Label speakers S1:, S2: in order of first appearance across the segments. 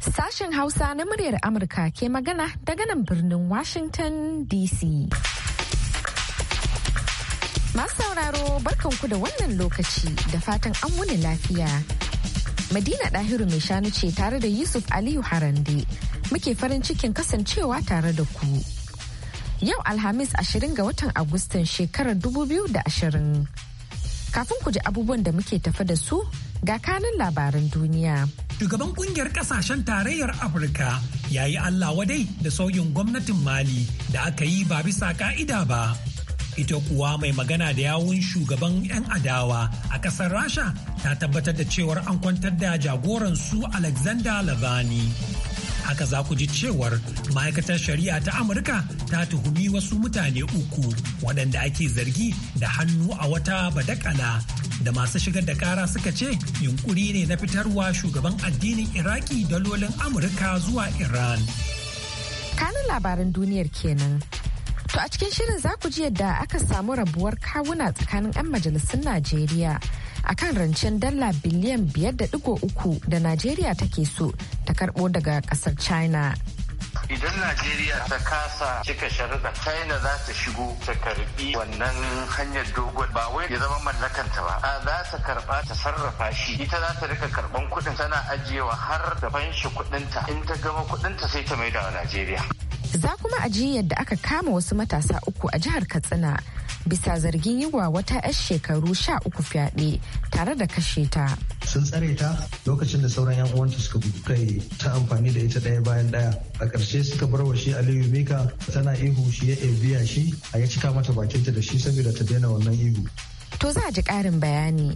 S1: Sashen Hausa na muryar Amurka ke magana daga nan birnin Washington DC. Masu sauraro barkanku da wannan lokaci da fatan an wuni lafiya. Madina Dahiru mai shanu ce tare da Yusuf Aliyu Harande muke farin cikin kasancewa tare da ku. Yau Alhamis 20 ga watan Agustan shekarar 2020. Kafin ku ji abubuwan da muke tafa da su ga kanin labaran duniya.
S2: Shugaban kungiyar kasashen tarayyar Afirka ya yi Allah wadai da sauyin gwamnatin Mali da aka yi ba bisa ka'ida ba. ita kuwa mai magana da yawun shugaban 'yan adawa a kasar rasha ta tabbatar da cewar an kwantar da jagoransu alexander Labani. haka za ku ji cewar ma'aikatar shari'a ta amurka ta tuhumi wasu mutane uku waɗanda ake zargi da hannu a wata badakala da masu shigar da kara suka ce yunkuri ne na fitarwa shugaban addinin iraki dalolin amurka zuwa iran
S1: kanun labaran duniyar kenan to a cikin shirin za ku ji yadda aka samu rabuwar kawuna tsakanin 'yan majalisun najeriya a kan rancen dala biliyan 5.3 da Najeriya take so ta karbo daga kasar China.
S3: idan najeriya ta kasa cika sharaɗa china za ta shigo ta karbi wannan hanyar dogon ba wai ya zama mallakanta ba a za ta karba ta sarrafa shi ita za ta rika karban kuɗin tana ajiyewa har da fanshi kuɗinta in ta gama kuɗinta sai ta maida wa najeriya
S1: Za kuma a ji yadda aka kama wasu matasa uku a jihar Katsina bisa zargin yi wa wata 'yar shekaru sha uku fyaɗe tare da kashe ta.
S4: Sun tsare ta lokacin da sauran 'yan uwanta suka kai ta amfani da ita ɗaya bayan ɗaya. A ƙarshe suka bar wa shi Aliyu Mika tana ihu shi ya biya shi a ya cika mata bakinta da shi saboda ta daina wannan ihu.
S1: To za a ji ƙarin bayani.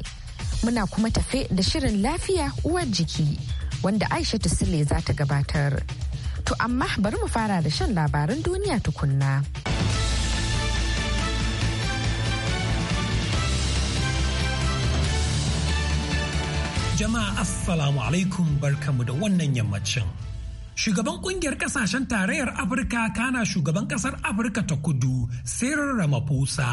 S1: Muna kuma tafe da shirin lafiya uwar jiki wanda Aisha tusile za ta gabatar. To amma bari mu fara da shan labaran duniya tukunna.
S2: Jama'a Assalamu alaikum barkamu da wannan yammacin. Shugaban kungiyar kasashen tarayyar Afirka kana shugaban kasar Afirka ta kudu Cyril Ramaphosa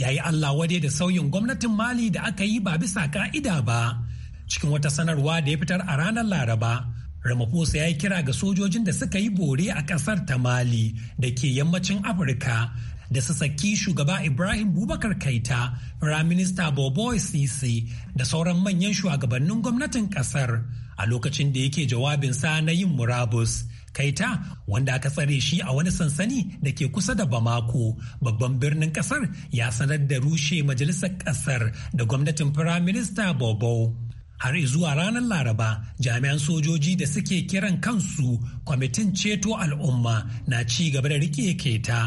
S2: ya yi Allah wade da sauyin gwamnatin Mali da aka yi ba bisa ka'ida ba. Cikin wata sanarwa da ya fitar a ranar Laraba, Ramaphosa ya yi kira ga sojojin da suka yi bore a ƙasar ta Mali da ke yammacin Afirka da su saki shugaba Ibrahim Bubakar Kaita, Firaminista Bobo Sisi da sauran manyan shugabannin gwamnatin ƙasar a lokacin da yake jawabinsa na yin murabus. Kaita wanda aka tsare shi a wani sansani da ke kusa da Bamako babban birnin kasar ya sanar da rushe majalisar kasar da gwamnatin Firaminista Bobo. har zuwa ranar laraba jami'an sojoji da suke kiran kansu kwamitin ceto al'umma na ci gaba da rike keta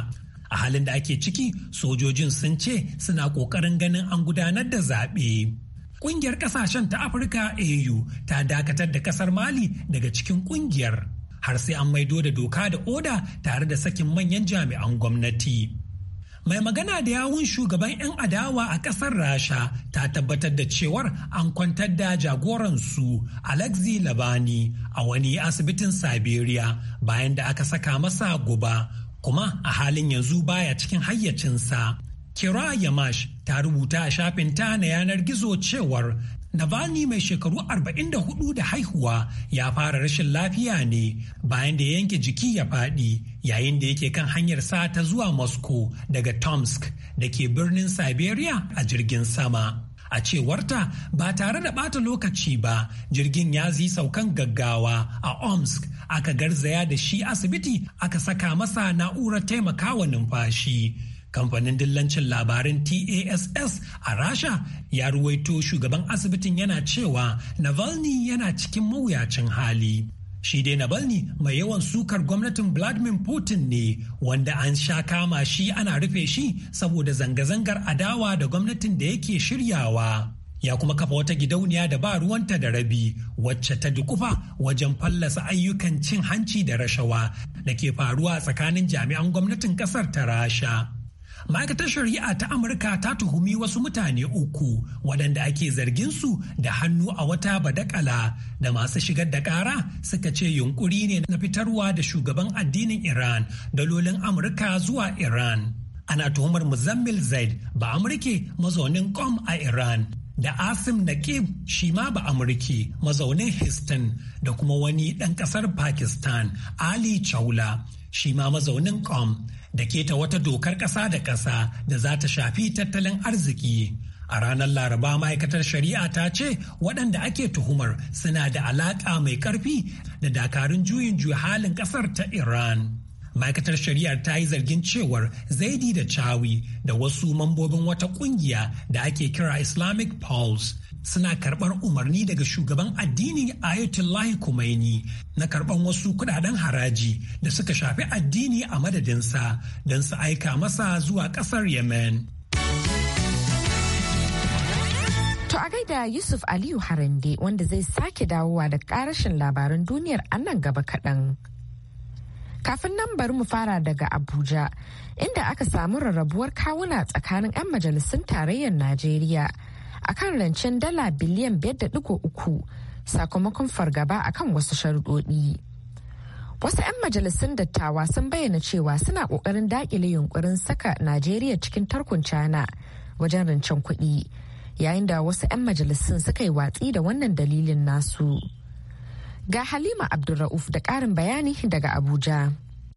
S2: a halin da ake ciki sojojin sun ce suna ƙoƙarin ganin an gudanar da zaɓe ƙungiyar ƙasashen ta afirka au ta dakatar da ƙasar mali daga cikin ƙungiyar har sai an maido da doka da oda tare da sakin manyan jami'an gwamnati. mai magana da yawun shugaban 'yan adawa a ƙasar rasha ta tabbatar da cewar an kwantar da jagoransu alexi labani a wani asibitin siberia bayan da aka saka masa guba kuma a halin yanzu baya cikin hayyacinsa kira yamash ta rubuta a shafinta na yanar gizo cewar Nabani mai shekaru 44 da haihuwa ya fara rashin lafiya ne bayan da yanke jiki ya faɗi yayin da yake kan hanyar sa ta zuwa Moscow daga Tomsk da ke birnin Siberia a jirgin sama. A cewarta ba tare da ɓata lokaci ba jirgin ya zi saukan gaggawa a Omsk aka garzaya da shi asibiti aka saka masa na'urar taimakawa numfashi. kamfanin dillancin labarin tass a rasha ya ruwaito shugaban asibitin yana cewa navalny yana cikin mawuyacin hali shi dai navalny mai yawan sukar gwamnatin vladimir putin ne wanda an sha kama shi ana rufe shi saboda zanga-zangar adawa da gwamnatin da yake shiryawa ya kuma kafa wata gidauniya da ba ruwanta da rabi wacce ta dukufa wajen fallasa ayyukan cin hanci da rashawa da ke faruwa tsakanin jami'an gwamnatin kasar ta rasha ma'aikatar shari'a ta amurka ta tuhumi wasu mutane uku waɗanda ake zargin su da hannu a wata badakala da masu shigar da ƙara suka ce yunkuri ne na fitarwa da shugaban addinin iran dalolin amurka zuwa iran ana tuhumar muzammil zaid ba amurke mazaunin qom a iran da asim naqib shi ma ba amurke mazaunin houston da kuma wani ɗan ƙasar pakistan ali chaula shi mazaunin qom da ke ta wata dokar ƙasa da ƙasa da za ta shafi tattalin arziki. A ranar Laraba ma'aikatar shari'a ta ce waɗanda ake tuhumar suna da alaƙa mai ƙarfi da dakarun juyin juya halin ƙasar ta Iran. ma'aikatar shari'ar ta yi zargin cewar zaidi da chawi da wasu mambobin wata ƙungiya da ake kira islamic pulse suna karɓar umarni daga shugaban addini Ayatollah Khomeini na karɓar wasu kudaden haraji da suka shafi addini a madadinsa don su aika masa zuwa ƙasar Yemen.
S1: To a gaida Yusuf Aliyu Harande wanda zai sake dawowa da ƙarashin labarin duniyar a gaba kaɗan. kafin nan bari mu fara daga abuja inda aka samu rarrabuwar kawuna tsakanin 'yan majalisun tarayyar najeriya akan rancen dala biliyan 5.3 sakamakon fargaba akan wasu sharuɗoɗi. Wasu 'yan majalisun dattawa sun bayyana cewa suna ƙoƙarin daƙile yunƙurin saka Najeriya cikin tarkon China wajen rancen kuɗi, yayin da wasu 'yan majalisun suka yi watsi da wannan dalilin nasu. Ga Halima Abdulra'uf da ƙarin bayani daga Abuja.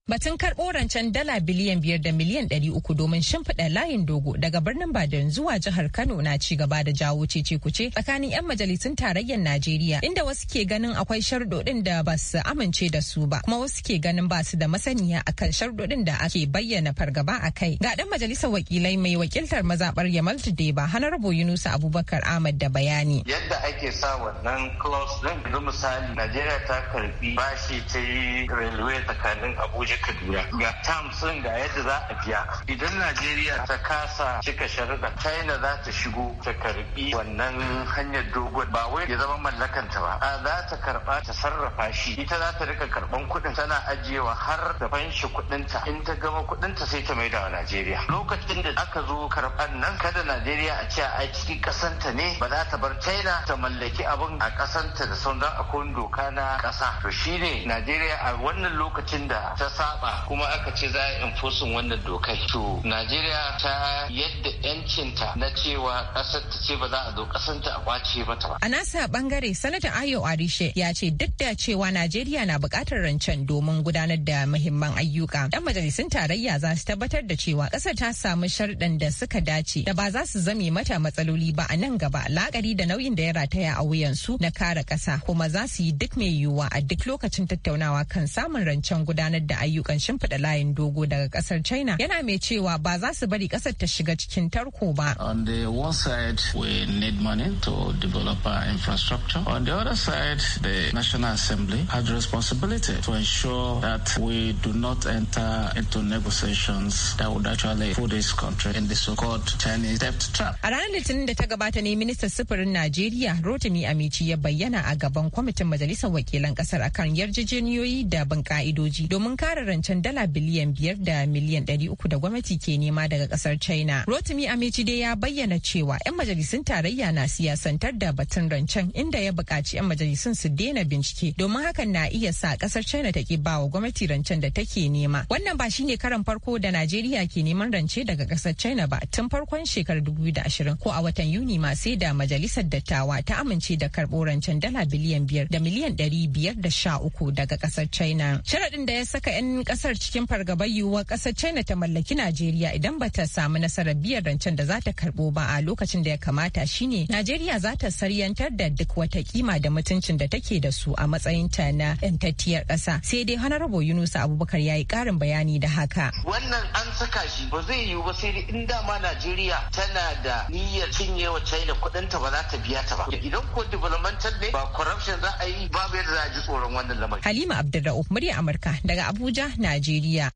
S5: Batun karɓo rancen dala biliyan biyar da miliyan ɗari uku domin shimfiɗa layin dogo daga birnin badan zuwa jihar Kano na ci gaba da jawo cece kuce tsakanin 'yan majalisun tarayyar Najeriya inda wasu ke ganin akwai sharɗoɗin da ba su amince da su ba kuma wasu ke ganin ba su da masaniya akan sharɗoɗin da ake bayyana fargaba a kai. Ga ɗan majalisar wakilai mai wakiltar mazaɓar Yamal Tudeba Hanarbo Yunusa Abubakar Ahmad da bayani.
S3: Yadda ake sa wannan close ɗin misali Najeriya ta karbi bashi ta yi railway tsakanin Abuja je ka dura ga terms din ga yadda za a biya idan najeriya ta kasa cika sharuɗa china za ta shigo ta karbi wannan hanyar dogon ba wai ya zama mallakanta ba a za ta karba ta sarrafa shi ita za ta rika karban kuɗin tana ajiyewa har da fanshi kuɗinta in ta gama kuɗinta sai ta maida wa najeriya lokacin da aka zo karban nan kada najeriya a ce a cikin kasanta ne ba za ta bar china ta mallaki abin a kasanta da sauran akwai doka na ƙasa to shine najeriya a wannan lokacin da ta saba kuma aka ce za a enforcing wannan dokar to najeriya ta yadda yancinta na cewa kasar ta ce ba za a zo ta a kwace mata ba a
S5: nasa bangare sanata ayo arishe ya ce duk da cewa najeriya na bukatar rancen domin gudanar da muhimman ayyuka dan majalisun tarayya za su tabbatar da cewa ƙasar ta samu sharɗan da suka dace da ba za su zame mata matsaloli ba a nan gaba lakari da nauyin da ya rataya a wuyansu na kare kasa kuma za su yi duk mai yiwuwa a duk lokacin tattaunawa kan samun rancen gudanar da ayyuka ayyukan shimfiɗa layin dogo daga ƙasar China yana mai cewa ba za su bari ƙasar ta shiga cikin tarko ba.
S3: On the one side we need money to develop our infrastructure. On the other side the National Assembly has responsibility to ensure that we do not enter into negotiations that would actually put this country in the so-called Chinese debt trap.
S5: A ranar Litinin da ta gabata ne ministan sufurin Najeriya Rotimi Amici ya bayyana a gaban kwamitin majalisar wakilan kasar akan yarjejeniyoyi da ban ka'idoji domin kare rancen dala biliyan biyar da miliyan ɗari uku da gwamnati ke nema daga ƙasar China. Rotimi dai ya bayyana cewa 'yan majalisun tarayya na siyasantar da batun rancen inda ya buƙaci 'yan majalisun su daina bincike domin hakan na iya sa ƙasar China ta ba bawa gwamnati rancen da take nema. Wannan ba shine karan farko da Najeriya ke neman rance daga ƙasar China ba tun farkon shekarar 2020 ko a watan Yuni ma sai da majalisar dattawa ta amince da karɓo rancen dala biliyan biyar da miliyan ɗari biyar da sha uku daga ƙasar China. Sharaɗin da ya saka 'yan kasar cikin fargabar yiwuwar kasar china ta mallaki najeriya idan ba ta samu nasarar biyan rancen da za ta karbo ba a lokacin da ya kamata shine najeriya za ta saryantar da duk wata kima da mutuncin da take da su a matsayin ta na 'yantattiyar kasa sai dai hanarabo yunusa abubakar ya yi karin bayani da haka
S3: wannan an saka shi ba zai yiwu ba sai in dama najeriya tana da niyyar cinye wa china kudinta ba za ta biya ta ba idan ko developmental ne ba corruption za a yi babu yadda za a ji tsoron wannan lamarin
S5: halima abdulra'uf murya amurka daga abuja Abuja, Najeriya.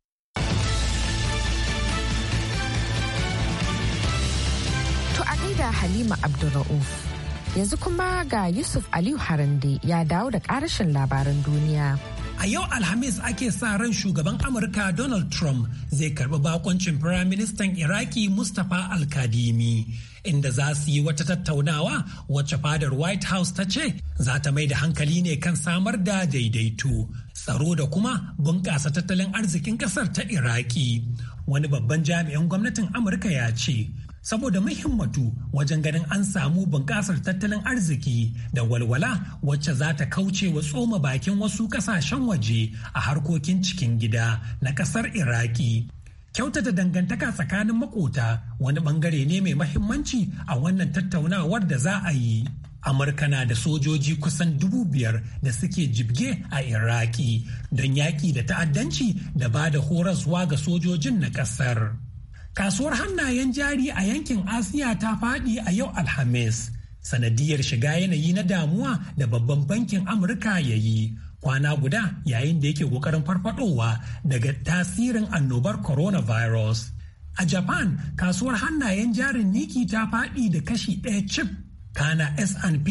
S5: To a Halima Abdulra'uf.
S1: Yanzu kuma ga Yusuf Aliyu Harande ya dawo da ƙarashin labaran duniya.
S2: A yau Alhamis ake sa ran shugaban Amurka Donald Trump zai karɓi bakoncin Firaministan Iraki Mustapha Al-Kadimi, inda za su yi wata tattaunawa wacce fadar White House ta ce za ta mai da hankali ne kan samar da daidaito, tsaro da kuma bunƙasa tattalin arzikin ƙasar ta Iraki. Wani babban jami'in gwamnatin Amurka ya ce, saboda muhimmatu wajen ganin an samu bunƙasar tattalin arziki da walwala wacce za ta kauce wa tsoma bakin wasu ƙasashen waje a harkokin cikin gida na ƙasar iraki kyautata dangantaka tsakanin makota wani bangare ne mai mahimmanci a wannan tattaunawar da za a yi amurka na da sojoji kusan dubu biyar da suke jibge a iraki don yaƙi da ta'addanci da ba da horaswa ga sojojin na ƙasar. Kasuwar hannayen jari a yankin Asiya ta faɗi a yau Alhamis, sanadiyar shiga yanayi na damuwa da babban bankin Amurka ya yi kwana guda yayin da yake ƙoƙarin farfadowa daga tasirin annobar coronavirus. A Japan, kasuwar hannayen jarin Niki ta faɗi da kashi ɗaya chip Kana S&P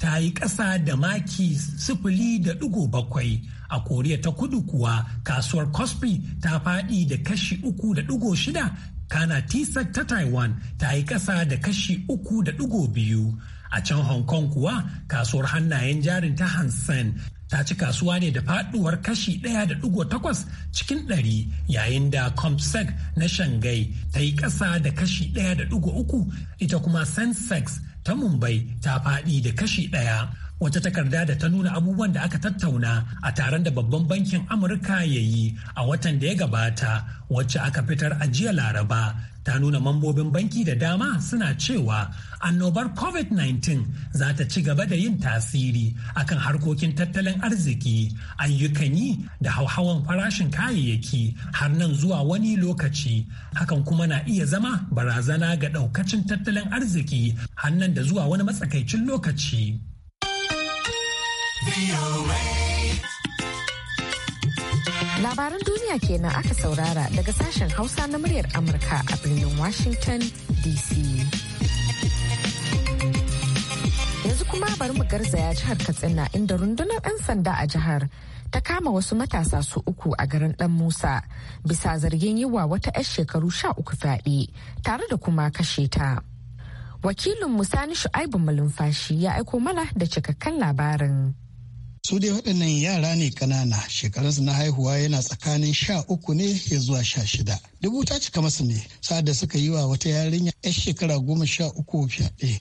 S2: ta yi ƙasa da maki sifili da ɗigo bakwai a koriya ta kudu kuwa kasuwar cosby ta faɗi da kashi uku da ɗigo shida kana tisa ta taiwan ta yi ƙasa da kashi uku da ɗigo biyu a can hong kong kuwa kasuwar hannayen jarin ta hansen ta ci kasuwa ne da faduwar kashi ɗaya da ɗigo takwas cikin ɗari yayin da comsec na shanghai ta yi ƙasa da kashi ɗaya da ɗigo uku ita kuma sensex ta Mumbai ta faɗi da kashi ɗaya. Wata takarda da ta nuna abubuwan da aka tattauna a taron da babban bankin Amurka ya yi a watan da ya gabata wacce aka fitar a jiya Laraba ta nuna mambobin banki da dama suna cewa annobar covid-19 za ta ci gaba da yin tasiri akan harkokin tattalin arziki ayyukan yi da hauhawan farashin kayayyaki har nan zuwa wani lokaci hakan kuma na iya zama barazana ga daukacin tattalin arziki har nan da zuwa wani matsakaicin lokaci.
S1: Labaran duniya kenan aka saurara daga sashen Hausa na muryar Amurka a birnin Washington DC. Yanzu kuma bari mu garzaya jihar Katsina inda rundunar 'yan sanda a jihar ta kama wasu matasa su uku a garin Dan Musa bisa zargin yiwa wata 'yar shekaru sha uku fyaɗe tare da kuma kashe ta. Wakilin Musani
S3: Shu'aibu Malumfashi ya aiko mana da cikakken labarin. su dai waɗannan yara ne ƙanana shekarunsu na haihuwa yana tsakanin sha uku ne ya zuwa sha shida dubu ta cika masu ne sa'ad da suka yi wa wata yarinya 'yan shekara goma sha uku fyaɗe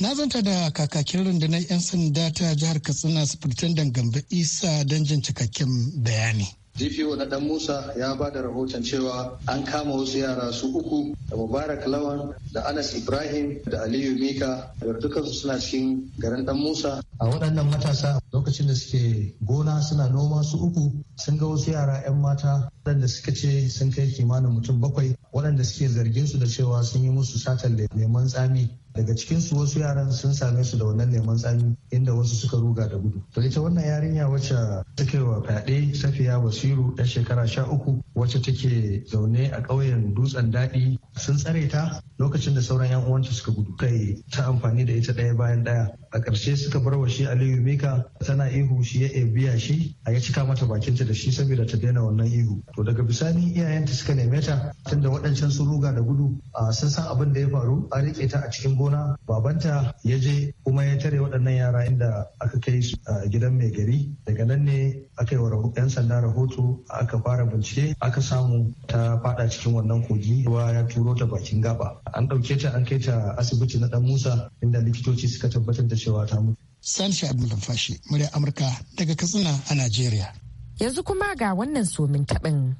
S3: na zanta da kakakin rundunar 'yan sanda ta jihar katsina su sufurtandan gambe isa don jin cikakken bayani
S4: GPO na Dan Musa ya ba da rahoton cewa an kama wasu yara su uku da Mubarak Lawan da Anas Ibrahim da Aliyu Mika da dukansu suna cikin garin Dan Musa. A waɗannan matasa lokacin da suke gona suna noma su uku sun ga wasu yara 'yan mata waɗanda suka ce sun kai kimanin mutum bakwai waɗanda suke zargin su da cewa sun yi musu satar neman tsami daga cikin su wasu yaran sun same su da wannan neman tsami inda wasu suka ruga da gudu to ita wannan yarinya wacce take wa fyaɗe safiya basiru ta shekara sha uku wacce take zaune a ƙauyen dutsen daɗi sun tsare ta lokacin da sauran yan uwanta suka gudu kai ta amfani da ita ɗaya bayan ɗaya a ƙarshe suka bar wa shi aliyu mika tana ihu shi ya biya shi a ya cika mata bakinta da shi saboda ta daina wannan ihu to daga bisani iyayenta suka neme ta tunda waɗancan sun ruga da gudu a sun san abin da ya faru a riƙe ta a cikin gona babanta ya je kuma ya tare waɗannan yara inda aka kai su gidan mai gari daga nan ne aka yi wa yan sanda rahoto aka fara bincike aka samu ta fada cikin wannan kogi ruwa ya turo ta bakin gaba an ɗauke ta an kai ta asibiti na dan musa inda
S3: likitoci suka tabbatar da cewa ta mutu salisu abdulfashi murya amurka daga katsina a najeriya yanzu kuma ga wannan somin taɓin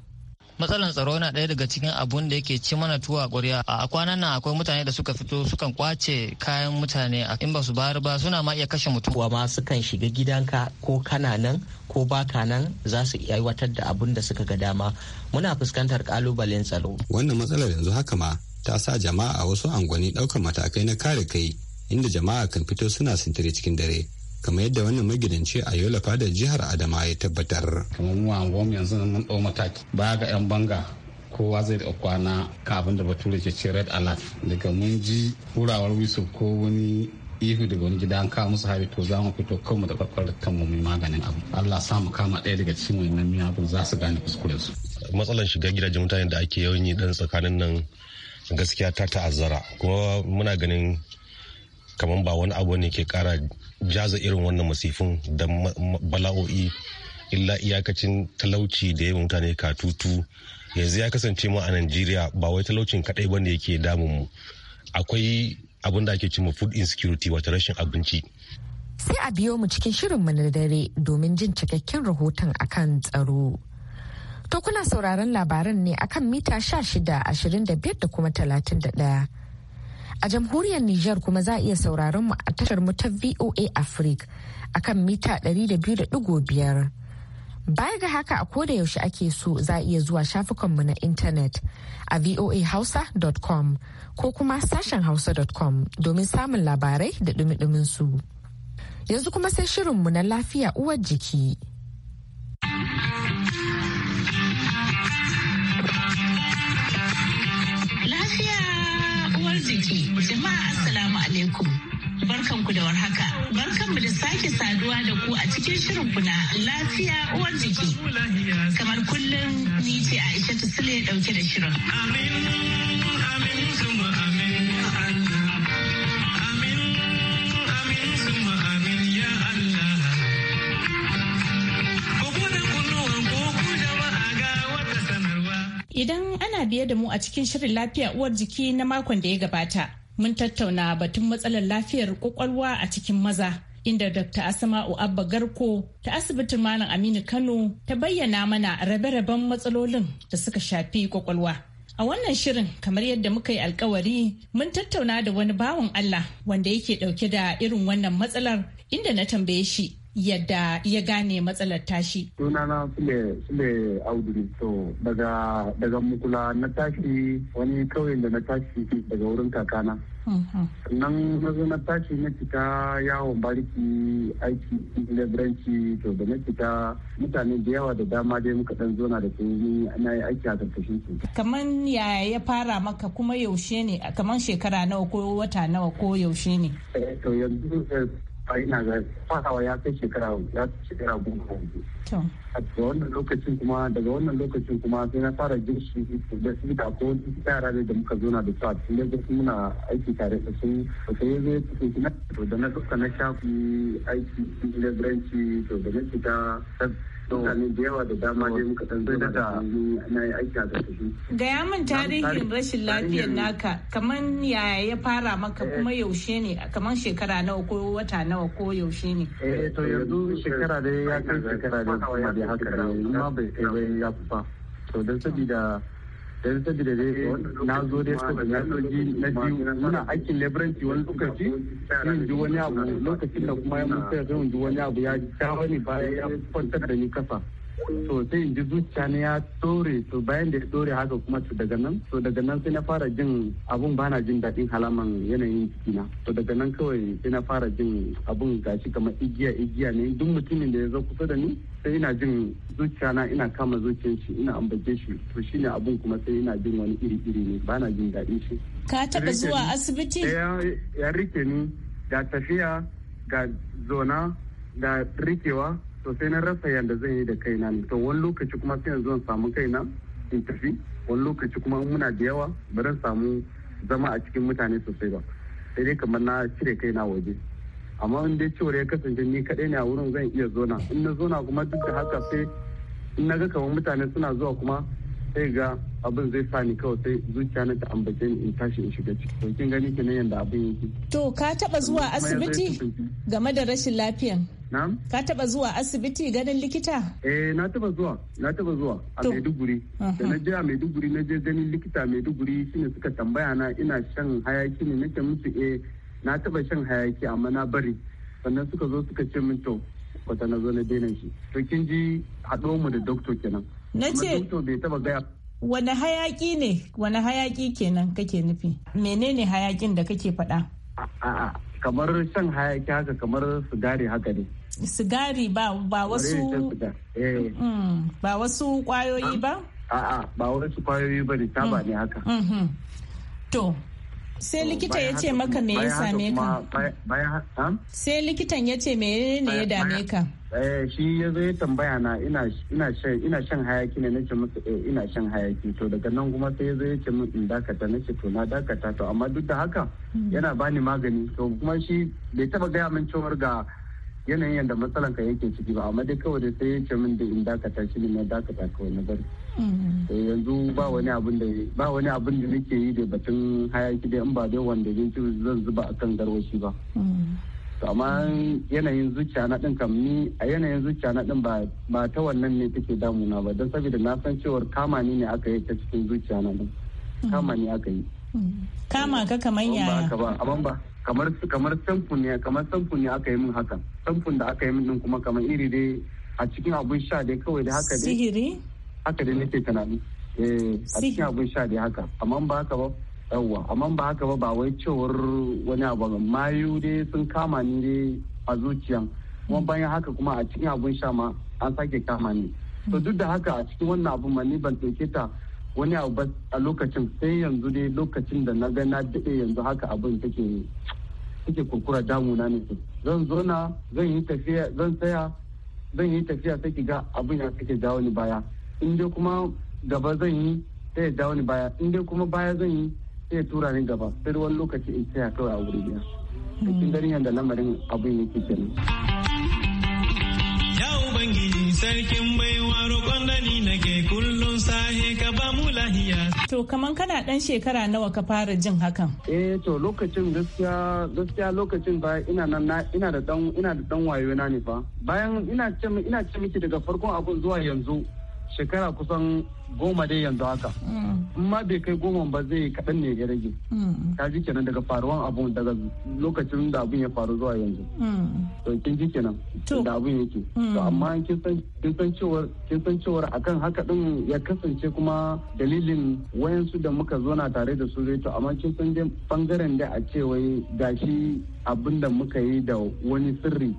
S3: matsalan tsaro na ɗaya daga cikin abun da yake ci mana tuwa ƙwarya a kwanan nan akwai mutane da suka fito sukan kwace kayan mutane in ba su bayar ba suna ma iya kashe mutum wa ma sukan shiga gidanka ko kana nan ko baka nan za su iya aiwatar da abun da suka ga dama muna fuskantar kalubalen tsaro
S4: wannan matsalar yanzu haka ma ta sa jama'a a wasu angwani ɗaukar matakai na kare kai inda jama'a kan fito suna sintiri cikin dare kamar yadda wannan magidanci a yola fada jihar adama
S3: ya tabbatar kamar mu anguwan yanzu mun ɗau mataki baya ga yan banga kowa zai da kwana kafin da bature ke ce red alert daga mun ji hurawar wisu ko wani ihu daga wani gida an kawo musu hari to za mu fito kanmu da kwakwar kanmu mai maganin abu Allah sa mu kama ɗaya daga cikin wannan miyagun za su gane kuskuren su
S4: matsalar shiga gidajen mutane da ake yawan yi dan tsakanin nan gaskiya ta ta'azzara kuma muna ganin kamar ba wani abu ne ke kara jaza irin wannan masifin da bala'o'i illa iyakacin talauci da yawan mutane katutu yanzu ya kasance ma a Najeriya ba wai talaucin kadai ba ne yake damun mu akwai abin da ake ma food insecurity wata rashin abinci
S1: sai a biyo mu cikin shirin mu na dare domin jin cikakken rahoton akan tsaro to kuna sauraron labaran ne akan mita 16 25 da kuma 31 A jamhuriyar Nijar kuma za a iya sauraron mu a tashar mu ta VOA Africa akan mita 200.5. Baya ga haka a koda yaushe ake so za a iya zuwa shafukanmu na intanet a voahausa.com ko kuma sashen hausa.com domin samun labarai da dumi su. Yanzu kuma sai shirin mu na lafiya uwar jiki.
S6: Jama'a assalamu alaikum. Barkanku da warhaka. Barkanmu da sake saduwa da ku a cikin shirin kuna lafiya uwar jiki. Kamar kullum ni ce Aisha Sule ya dauke da shirin. amin, amin. ana biye da mu a cikin shirin lafiya uwar jiki na makon da ya gabata, mun tattauna batun matsalar lafiyar kwakwalwa a cikin maza. Inda Dr. Asama'u Abba Garko ta asibitin Malam Aminu Kano ta bayyana mana rabe-raben matsalolin da suka shafi kwakwalwa. A wannan shirin kamar yadda muka yi alkawari mun tattauna da wani bawan Allah wanda yake dauke da irin wannan matsalar inda na tambaye shi yadda ya gane matsalar
S7: tashi. Sunana Sule Sule Auduri to daga daga mukula na tashi wani kawai da na tashi daga wurin kakana. Mm-hmm. Nan na zo na tashi na fita yawon bariki aiki leburanci to da na fita mutane da yawa da dama dai muka dan zona da su ni na yi aiki a karkashin su.
S6: Kaman ya ya fara maka kuma yaushe ne kaman shekara nawa ko wata nawa ko yaushe ne.
S7: Eh, to yanzu eh, ina ga fasawa ya kai shekara ya shekara goma a daga wannan lokacin kuma daga wannan lokacin kuma sai na fara girki da su da ko yara da muka zo na da su a cikin su muna aiki tare da su da ya zo ya fito na to da na duka na shafi aiki cikin lagranci to da na fita mutane da yawa da dama dai muka san zai da na yi aiki a ƙarƙashin.
S6: Gaya min tarihin rashin lafiyar naka kaman yaya ya fara maka eh. kuma yaushe ne kaman shekara nawa ko wata nawa ko yaushe ne.
S7: Eh, eh to yanzu shekara dai ya kai shekara da kuma da haka ne amma bai kai bai ya fi fa. To don sabida don da dai na zo dai saboda na soji na biyu muna aikin labiranci wani lokaci sai ji wani abu lokacin da kuma ya mutu sai ji wani abu ya jawo ni bayan ya kwantar da ni kasa to sai in ji zuciya ne ya dore to bayan da ya dore haka kuma to daga nan to daga nan sai na fara jin abun bana jin daɗin halaman yanayin jikina to daga nan kawai sai na fara jin abun gashi kamar igiya igiya ne duk mutumin da ya zo kusa da ni sai ina jin zuciya na ina kama zuciyar shi ina ambace shi to shine abun kuma sai ina jin wani iri iri ne bana jin daɗin shi
S6: ka taɓa zuwa asibiti
S7: ya rike ni ga tafiya ga zona ga rikewa to sai na rasa yadda zan yi da kaina ne to wani lokaci kuma sai yanzu zan samu kaina in tafi wani lokaci kuma muna da yawa ba zan samu zama a cikin mutane sosai ba sai dai kamar na cire kaina waje amma in dai cewar ya kasance ni kaɗai ne a wurin zan iya zona in na zona kuma duk da haka sai in na ga kamar mutane suna zuwa kuma sai ga abin zai sa ni kawai sai zuciya na ta ambace ni in tashi in shiga ciki to kin gani kenan yadda abin yake to
S6: ka taba zuwa asibiti game da rashin lafiyan Na'am. Ka taba zuwa asibiti ganin likita?
S7: Eh na taba zuwa, na taba zuwa a Maiduguri. Da na je a Maiduguri na je ganin likita Maiduguri shine suka tambaya na ina shan hayaki ne nake musu eh na taba shan hayaki amma na bari. Sannan suka zo suka ce min to kwata na zo na daina shi. To kin ji haɗo mu da doctor kenan. Na ce. Doctor bai taba gaya
S6: Wani hayaki ne, wani hayaki kenan kake nufi? Menene hayakin da kake faɗa?
S7: A'a, kamar shan hayaki haka kamar sigari haka ne. sigari ba ba wasu eh.
S6: mm,
S7: ba wasu kwayoyi ba a'a ba wasu kwayoyi ba ne ta ba ne haka
S6: mm-hmm. to sai likita ya ce maka me ya same ka sai likitan ya ce me ne ya dame ka
S7: eh, shi ya zo ya tambaya na ina shan hayaki ne nace masa eh, ina shan hayaki to daga nan kuma sai ya zo ya ce min in dakata nace to na dakata to amma duk da haka mm. yana bani magani to kuma shi bai taba gaya min cewar ga yanayin yadda matsalan ka yake ciki ba amma dai kawai da sai yace min da in dakata shi ne na dakata kawai na bari mm-hmm. yanzu ba wani abin da ba wani abin da nake yi da batun hayaki dai in ba dai wanda zan ci zan zuba akan garwashi ba mm-hmm. to amma yanayin zuciya na din kam ni a yanayin zuciya na din ba ba ta wannan ne take damuna ba don saboda na san cewar kama ni ne aka yi ta cikin zuciya na din mm-hmm. kama ni aka yi
S6: kama ka kamar yaya
S7: ba amma ba kamar kamar samfun ne kamar samfun ne aka yi min haka samfun da aka yi min din kuma kamar iri dai a cikin abun sha dai kawai da haka dai sihiri haka dai nake tunani eh a cikin abun sha dai haka amma ba haka ba yawwa amma ba haka ba ba wai cewar wani abu mayu dai sun kama ni dai a zuciyan kuma mm. bayan haka kuma a cikin abun sha ma an sake kama ni to duk da haka a cikin wannan abun ma ni ban ɗauke ta wani abu ba a lokacin sai yanzu dai lokacin da na ga na daɗe yanzu haka abin take take kurkura damuna ne zan zo na zan yi tafiya zan tsaya zan yi tafiya sai ga abin ya take dawo ni baya in dai kuma gaba zan yi sai ya dawo ni baya in dai kuma baya zan yi sai ya tura ni gaba sai wani lokaci in tsaya kawai a wuri biya cikin garin yadda lamarin abin yake kenan.
S4: Ya Ubangiji
S3: sarkin baiwa roƙon dani nake kullum sahe ka ba mu lahiya.
S6: To kaman kana ɗan shekara nawa ka fara jin hakan?
S7: Eh to lokacin gaskiya gaskiya lokacin ba ina nan ina da dan ina da dan wayo na ne fa. Bayan ina ce ina ce miki daga farkon abun zuwa yanzu shekara kusan goma dai yanzu haka hmm. ma bai kai goma ba zai kaɗan ne ya rage ta hmm. ji kenan daga faruwan abun daga lokacin da abun ya faru zuwa yanzu hmm. to kin ji kenan da abun yake to amma kin san cewar kin san cewar akan haka ɗin ya kasance kuma dalilin wayansu da muka zo na tare da su to amma kin san ɓangaren da a ce wai gashi abin da muka yi da wani sirri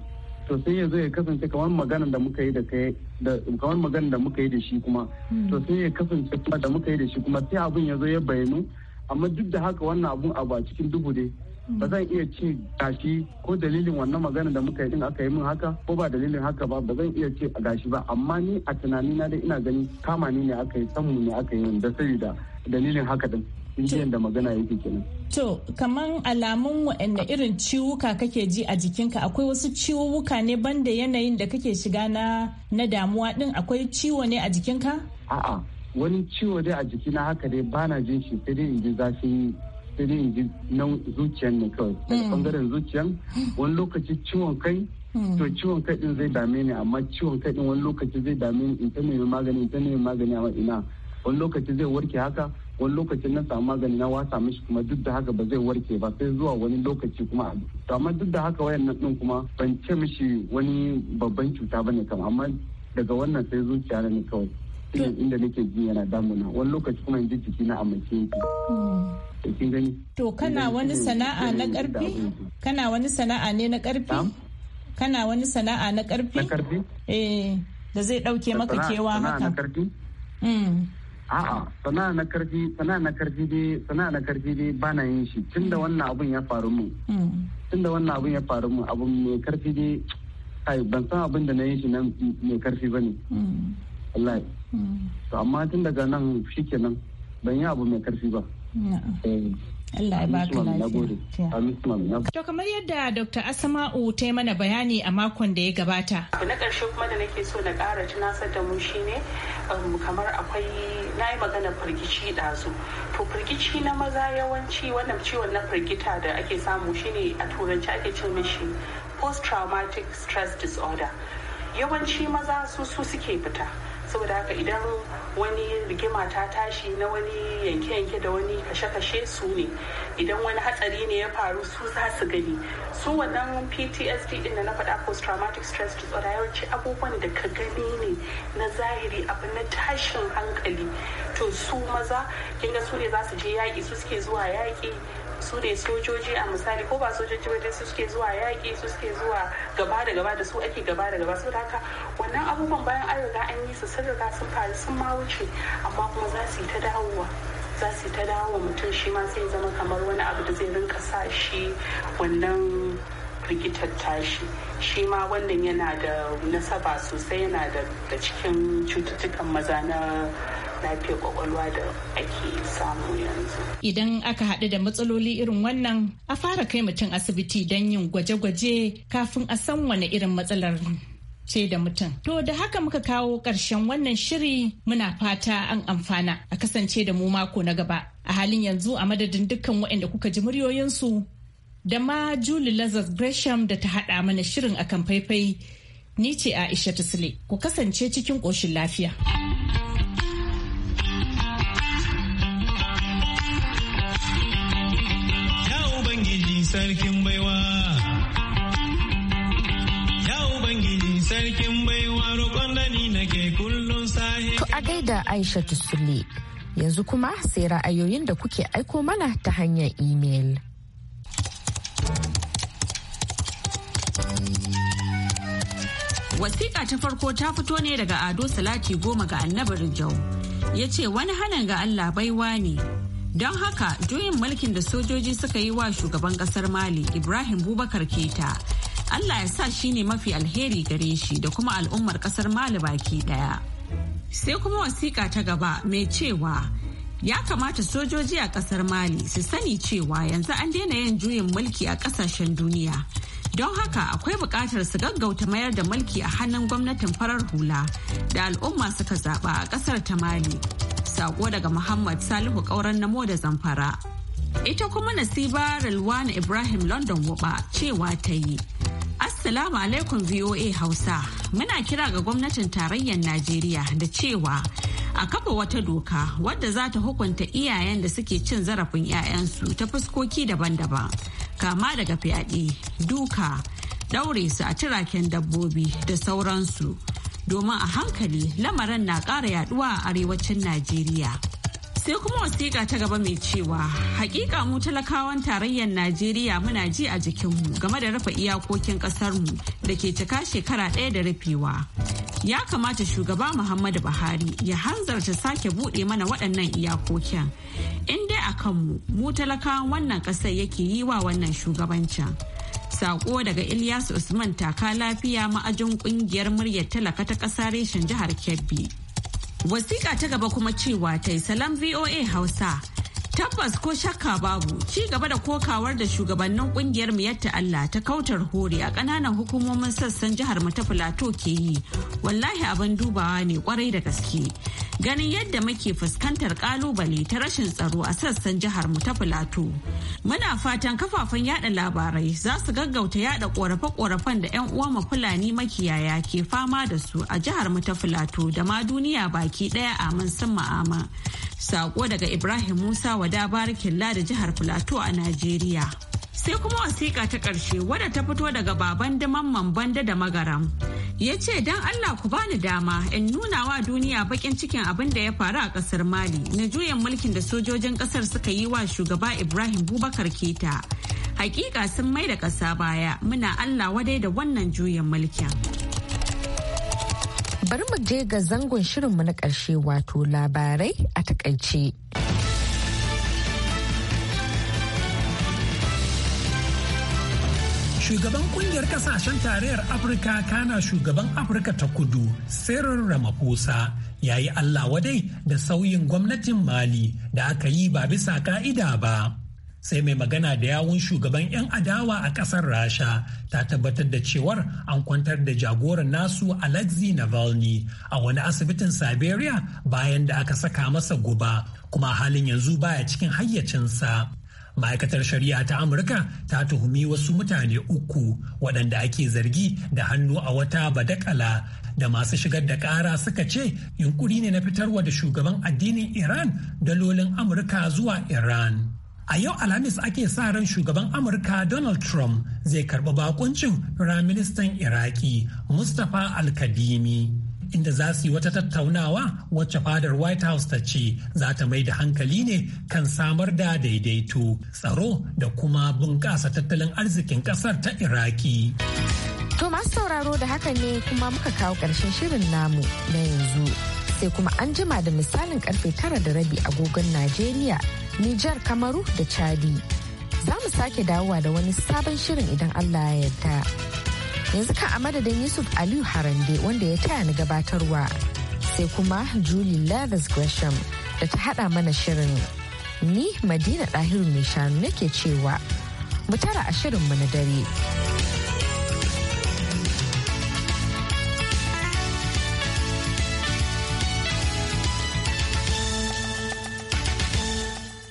S7: to sai ya ya kasance kamar magana da muka yi da kai da kamar magana da muka yi da shi kuma hmm. to sai ya kasance kuma da muka yi da shi kuma sai abun ya zo ya bayanu amma duk da haka wannan abun abu a cikin duhu dai hmm. ba zan iya ce gashi ko dalilin wannan magana da muka yi din aka yi min haka ko ba dalilin haka ba ba zan iya ce a gashi ba amma ni a tunani na dai ina ganin kama ni ne aka yi sanmu ne aka yi da saboda dalilin haka din Shi da magana yake kenan.
S6: To, kaman alamun waɗanne irin ciwuka kake ji a jikinka akwai wasu ciwuka ne banda yanayin da kake shiga na na damuwa din akwai ciwo ne a jikinka?
S7: A'a, wani ciwo dai a jikina haka dai bana jin shi sai dai in ji zafi sai dai in ji zuciyan ne kawai. Daga hmm. ɓangaren zuciyan wani lokaci ciwon kai hmm. to ciwon kai din zai dame ni amma ciwon kai din wani lokaci zai dame ni in ta nemi magani in ta nemi magani amma ina wani lokaci zai warke haka wani lokacin na samu magani na wasa mishi kuma duk da haka ba zai warke ba sai zuwa wani lokaci kuma to amma duk da haka wayan nan kuma ban ce mishi wani babban cuta bane kama amma daga wannan sai zuciya na ne kawai inda nake ji yana damuna wani lokaci kuma in ji jiki na amince yake hmm. kin gani
S6: to kana wani sana'a na karfi kana wani sana'a ne na karfi kana wani sana'a na karfi na karfi eh da zai
S8: dauke maka kewa haka na karfi hmm.
S7: a'a sana'a na karfi sana'a na karfi dai sana'a na karfi dai ba na yin shi tunda wannan abun ya faru mu mm. tunda wannan abun ya faru mu abun mai karfi dai kai ban san abin da na yi shi nan mai karfi ba ne mm. wallahi mm. to amma tun daga nan shikenan ban yi abu mai karfi ba eh. Allah ya baka lafiya.
S6: To kamar yadda Dr. Asma'u ta yi mana bayani a makon da ya gabata.
S9: Abu na ƙarshe kuma da nake so na ƙara tunasar da mu shine um, kamar akwai na yi magana firgici ɗazu. To firgici na maza yawanci wannan ciwon na firgita da ake samu shine a turanci ake ce mishi post-traumatic stress disorder. Yawanci maza su su suke fita. saboda haka idan wani rigima ta tashi na wani yanke-yanke da wani kashe-kashe su ne idan wani hatsari ne ya faru su za su gani su wannan ptsd din da na faɗa post traumatic stress disorder yawanci abubuwan da ka gani ne na zahiri abu na tashin hankali to su maza kinga su ne za su je yaƙi su suke zuwa yaƙi su ne sojoji a misali ko ba sojoji ba dai su suke zuwa yaƙi su suke zuwa gaba da gaba da su ake gaba da gaba saboda haka wannan abubuwan bayan an riga an yi su sun riga sun faru sun ma wuce amma kuma za su yi ta dawowa za su yi ta dawowa mutum shi ma sai zama kamar wani abu da zai rinka sa shi wannan rikitar tashi shi ma wannan yana da nasaba sosai yana da cikin cututtukan maza na lafiyar
S6: kwakwalwa da ake samu yanzu. Idan aka haɗu da matsaloli irin wannan a fara kai mutum asibiti don yin gwaje-gwaje kafin a san wane irin matsalar ce da mutum. To da haka muka kawo ƙarshen wannan shiri muna fata an amfana a kasance da mu mako na gaba. A halin yanzu a madadin dukkan waɗanda kuka ji muryoyinsu da ma Julie Lazarus Gresham da ta haɗa mana shirin akan faifai ni ce Aisha Tusle ku kasance cikin ƙoshin lafiya.
S3: sarkin baiwa. Ya Ubangiji sarkin baiwa roƙon da nake
S2: kullum sahi.
S1: To a gaida Aisha Tusule, yanzu kuma sai ra'ayoyin da kuke aiko mana ta hanyar imel.
S8: Wasiƙa ta farko ta fito ne daga Ado Salati goma ga annabar Jau. Ya ce wani hanan ga Allah baiwa ne, Don haka juyin mulkin da sojoji suka yi wa shugaban kasar Mali Ibrahim Bubakar Keta. Allah ya sa shi ne mafi alheri gare shi da kuma al'ummar kasar Mali baki daya. Sai kuma wasiƙa ta gaba mai cewa ya kamata sojoji a kasar Mali su sani cewa yanzu an daina yin juyin mulki a kasashen duniya. Don haka akwai buƙatar su gaggauta mayar da mulki a hannun gwamnatin farar hula da al'umma suka zaba a ƙasar ta Mali. sako daga Muhammad Salihu Kauran Namo da Zamfara. Ita kuma Nasiba Rilwana Ibrahim London Wuba cewa ta yi. Assalamu alaikum VOA Hausa. Muna kira ga gwamnatin tarayyar Najeriya da cewa a kafa wata doka wadda za ta hukunta iyayen da suke cin zarafin 'ya'yansu ta fuskoki daban-daban. Kama daga fyaɗe, duka, daure su a turaken dabbobi da sauransu. domin a hankali lamarin na ƙara yaduwa a arewacin Najeriya. Sai kuma wasiƙa ta gaba mai cewa hakika mu talakawan tarayyar Najeriya muna ji a jikinmu game da rufe iyakokin ƙasarmu da ke cika shekara ɗaya da rufewa. ya kamata shugaba Muhammadu Buhari ya hanzarta sake buɗe mana waɗannan iyakokin. In dai a kanmu, mu talakawan wannan ƙasar yake yi wa wannan shugabancin. Sako daga Ilyas Usman taka lafiya ma'ajin kungiyar muryar talaka ta ƙasa reshen jihar Kebbi. Wasiƙa ta gaba kuma cewa ta salam VOA Hausa. Tabbas ko shakka babu ci gaba da kokawar da shugabannin kungiyar mu yatta Allah ta kautar hore a kananan hukumomin sassan jihar mu ta Filato ke yi wallahi abin dubawa ne kwarai da gaske. Ganin yadda muke fuskantar kalubale ta rashin tsaro a sassan jihar mu ta Filato. Muna fatan kafafen yada labarai za su gaggauta yada korafe-korafen da 'yan uwa mu Fulani makiyaya ke fama da su a jihar mu ta Filato da ma duniya baki daya amin sun ma'ama. Sako daga Ibrahim Musa wada barikin da jihar Filato a Najeriya. Sai kuma wasiƙa ta ƙarshe wadda ta fito daga baban mamman banda da magaram. Ya ce don Allah ku bani dama in nuna wa duniya baƙin cikin abin da ya faru a ƙasar Mali na juyin mulkin da sojojin ƙasar suka yi wa shugaba Ibrahim Bubakar Keta. Hakika sun mai da ƙasa baya muna Allah wadai da wannan juyin mulkin. Bari mu je
S1: ga zangon shirinmu na ƙarshe wato labarai a takaice.
S2: Shugaban kungiyar kasashen tarayyar Afirka kana shugaban Afirka ta kudu Cyril Ramaphosa ya yi Allah wadai da sauyin gwamnatin Mali da aka yi ba bisa ka'ida ba. sai mai magana da yawun shugaban 'yan adawa a kasar rasha ta tabbatar da cewar an kwantar da jagoran nasu alexei navalny a wani asibitin siberia bayan da aka saka masa guba kuma halin yanzu baya cikin hayyacinsa ma'aikatar shari'a ta amurka ta tuhumi wasu mutane uku waɗanda ake zargi da hannu a wata badakala da masu shigar da ƙara suka ce yunkuri ne na fitarwa da shugaban addinin iran dalolin amurka zuwa iran A yau Alhamis ake sa ran shugaban Amurka Donald Trump zai karɓi bakuncin Firaministan Iraki Mustapha Alkadimi. Inda za su yi wata tattaunawa wacce fadar White House ta ce za ta mai da hankali ne kan samar da daidaito, tsaro da kuma bunƙasa tattalin arzikin ƙasar ta Iraki.
S1: To masu sauraro da haka ne kuma muka kawo ƙarshen shirin namu na yanzu. sai kuma an jima da misalin karfe tara da rabi agogon Najeriya, Nijar, Kamaru da Chadi. Za mu sake dawowa da wani sabon shirin idan Allah ya yarda. Yanzu kan a madadin Yusuf Aliyu Harande wanda ya taya ni gabatarwa. Sai kuma Julie Leathers Gresham da ta haɗa mana shirin. Ni Madina Ɗahiru mai shanu nake cewa, mu tara a shirin mu na dare.